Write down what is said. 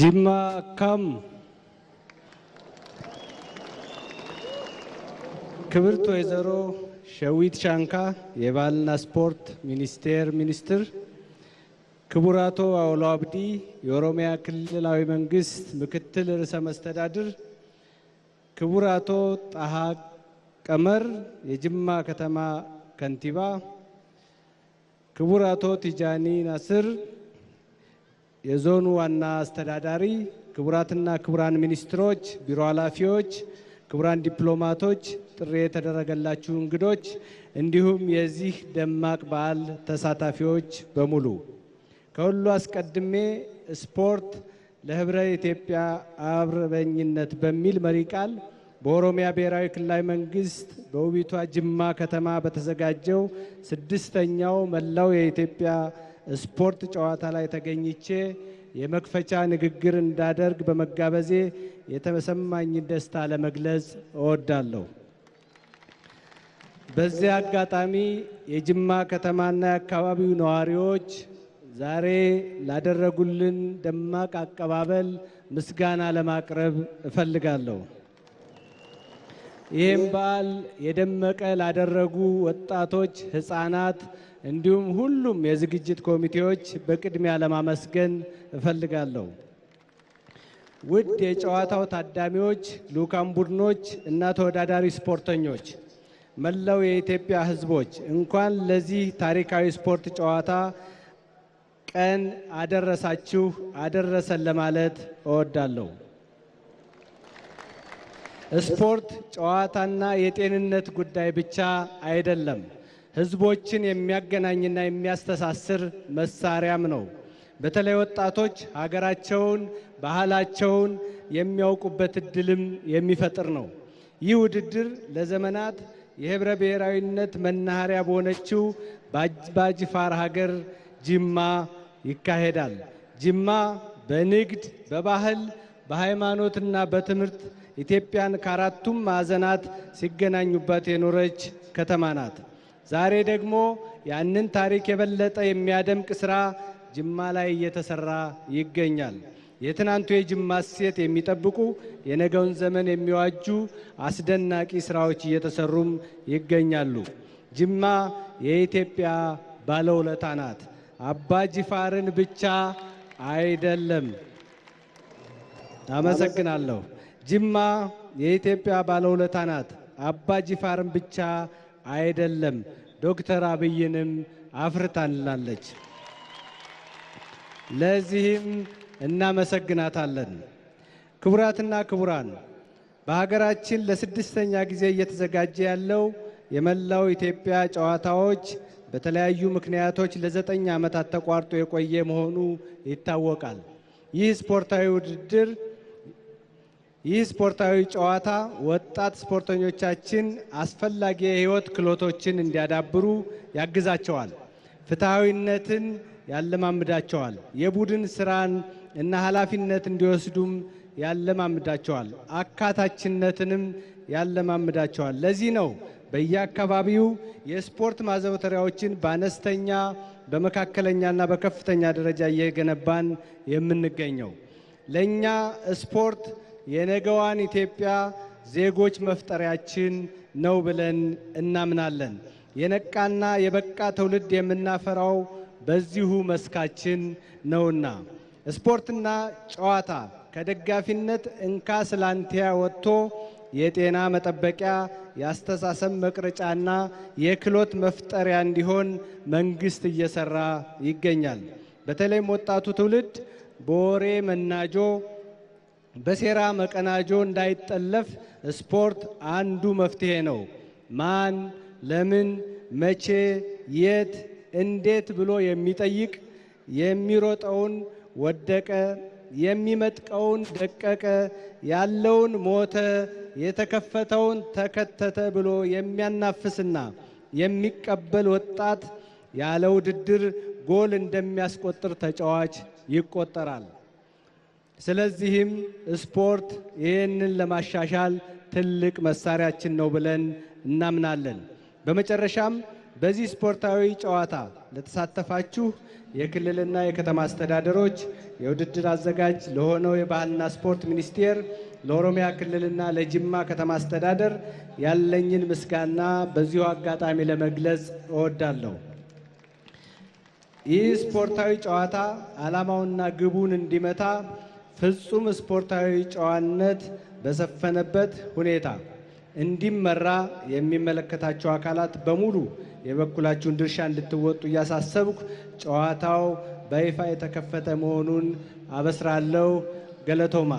ጂማ አካም ክብርት ወይዘሮ ሸዊት ሻንካ የባህልና ስፖርት ሚኒስቴር ሚኒስትር፣ ክቡር አቶ አውሎ አብዲ የኦሮሚያ ክልላዊ መንግስት ምክትል ርዕሰ መስተዳድር፣ ክቡር አቶ ጣሃ ቀመር የጅማ ከተማ ከንቲባ፣ ክቡር አቶ ቲጃኒ ናስር የዞኑ ዋና አስተዳዳሪ፣ ክቡራትና ክቡራን ሚኒስትሮች፣ ቢሮ ኃላፊዎች፣ ክቡራን ዲፕሎማቶች፣ ጥሪ የተደረገላችሁ እንግዶች እንዲሁም የዚህ ደማቅ በዓል ተሳታፊዎች በሙሉ ከሁሉ አስቀድሜ ስፖርት ለህብረ ኢትዮጵያ አብረበኝነት በሚል መሪ ቃል በኦሮሚያ ብሔራዊ ክልላዊ መንግስት በውቢቷ ጅማ ከተማ በተዘጋጀው ስድስተኛው መላው የኢትዮጵያ ስፖርት ጨዋታ ላይ ተገኝቼ የመክፈቻ ንግግር እንዳደርግ በመጋበዜ የተሰማኝን ደስታ ለመግለጽ እወዳለሁ። በዚህ አጋጣሚ የጅማ ከተማና የአካባቢው ነዋሪዎች ዛሬ ላደረጉልን ደማቅ አቀባበል ምስጋና ለማቅረብ እፈልጋለሁ። ይህም በዓል የደመቀ ላደረጉ ወጣቶች፣ ህፃናት እንዲሁም ሁሉም የዝግጅት ኮሚቴዎች በቅድሚያ ለማመስገን እፈልጋለሁ። ውድ የጨዋታው ታዳሚዎች፣ ልዑካን ቡድኖች እና ተወዳዳሪ ስፖርተኞች፣ መላው የኢትዮጵያ ህዝቦች እንኳን ለዚህ ታሪካዊ ስፖርት ጨዋታ ቀን አደረሳችሁ አደረሰን ለማለት እወዳለሁ። ስፖርት ጨዋታና የጤንነት ጉዳይ ብቻ አይደለም፣ ህዝቦችን የሚያገናኝና የሚያስተሳስር መሳሪያም ነው። በተለይ ወጣቶች ሀገራቸውን፣ ባህላቸውን የሚያውቁበት እድልም የሚፈጥር ነው። ይህ ውድድር ለዘመናት የህብረ ብሔራዊነት መናኸሪያ በሆነችው ባጅፋር ሀገር ጅማ ይካሄዳል። ጅማ በንግድ፣ በባህል፣ በሃይማኖትና በትምህርት ኢትዮጵያን ከአራቱም ማዕዘናት ሲገናኙባት የኖረች ከተማ ናት። ዛሬ ደግሞ ያንን ታሪክ የበለጠ የሚያደምቅ ስራ ጅማ ላይ እየተሰራ ይገኛል። የትናንቱ የጅማ ሴት የሚጠብቁ የነገውን ዘመን የሚዋጁ አስደናቂ ስራዎች እየተሰሩም ይገኛሉ። ጅማ የኢትዮጵያ ባለውለታ ናት። አባ ጅፋርን ብቻ አይደለም። አመሰግናለሁ። ጅማ የኢትዮጵያ ባለውለታ ናት። አባ ጅፋርን ብቻ አይደለም ዶክተር አብይንም አፍርታላለች። ለዚህም እናመሰግናታለን። ክቡራትና ክቡራን በሀገራችን ለስድስተኛ ጊዜ እየተዘጋጀ ያለው የመላው ኢትዮጵያ ጨዋታዎች በተለያዩ ምክንያቶች ለዘጠኝ ዓመታት ተቋርጦ የቆየ መሆኑ ይታወቃል። ይህ ስፖርታዊ ውድድር ይህ ስፖርታዊ ጨዋታ ወጣት ስፖርተኞቻችን አስፈላጊ የህይወት ክህሎቶችን እንዲያዳብሩ ያግዛቸዋል፣ ፍትሐዊነትን ያለማምዳቸዋል፣ የቡድን ስራን እና ኃላፊነት እንዲወስዱም ያለማምዳቸዋል፣ አካታችነትንም ያለማምዳቸዋል። ለዚህ ነው በየአካባቢው የስፖርት ማዘውተሪያዎችን በአነስተኛ በመካከለኛና በከፍተኛ ደረጃ እየገነባን የምንገኘው። ለእኛ ስፖርት የነገዋን ኢትዮጵያ ዜጎች መፍጠሪያችን ነው ብለን እናምናለን። የነቃና የበቃ ትውልድ የምናፈራው በዚሁ መስካችን ነውና ስፖርትና ጨዋታ ከደጋፊነት እንካ ስላንቲያ ወጥቶ የጤና መጠበቂያ፣ የአስተሳሰብ መቅረጫና የክህሎት መፍጠሪያ እንዲሆን መንግስት እየሰራ ይገኛል። በተለይም ወጣቱ ትውልድ በወሬ መናጆ በሴራ መቀናጆ እንዳይጠለፍ ስፖርት አንዱ መፍትሄ ነው። ማን፣ ለምን፣ መቼ፣ የት፣ እንዴት ብሎ የሚጠይቅ የሚሮጠውን ወደቀ፣ የሚመጥቀውን ደቀቀ፣ ያለውን ሞተ፣ የተከፈተውን ተከተተ ብሎ የሚያናፍስና የሚቀበል ወጣት ያለ ውድድር ጎል እንደሚያስቆጥር ተጫዋች ይቆጠራል። ስለዚህም ስፖርት ይህንን ለማሻሻል ትልቅ መሳሪያችን ነው ብለን እናምናለን። በመጨረሻም በዚህ ስፖርታዊ ጨዋታ ለተሳተፋችሁ የክልልና የከተማ አስተዳደሮች የውድድር አዘጋጅ ለሆነው የባህልና ስፖርት ሚኒስቴር፣ ለኦሮሚያ ክልልና ለጅማ ከተማ አስተዳደር ያለኝን ምስጋና በዚሁ አጋጣሚ ለመግለጽ እወዳለሁ። ይህ ስፖርታዊ ጨዋታ ዓላማውና ግቡን እንዲመታ ፍጹም ስፖርታዊ ጨዋነት በሰፈነበት ሁኔታ እንዲመራ የሚመለከታቸው አካላት በሙሉ የበኩላችሁን ድርሻ እንድትወጡ እያሳሰብኩ ጨዋታው በይፋ የተከፈተ መሆኑን አበስራለሁ። ገለቶማ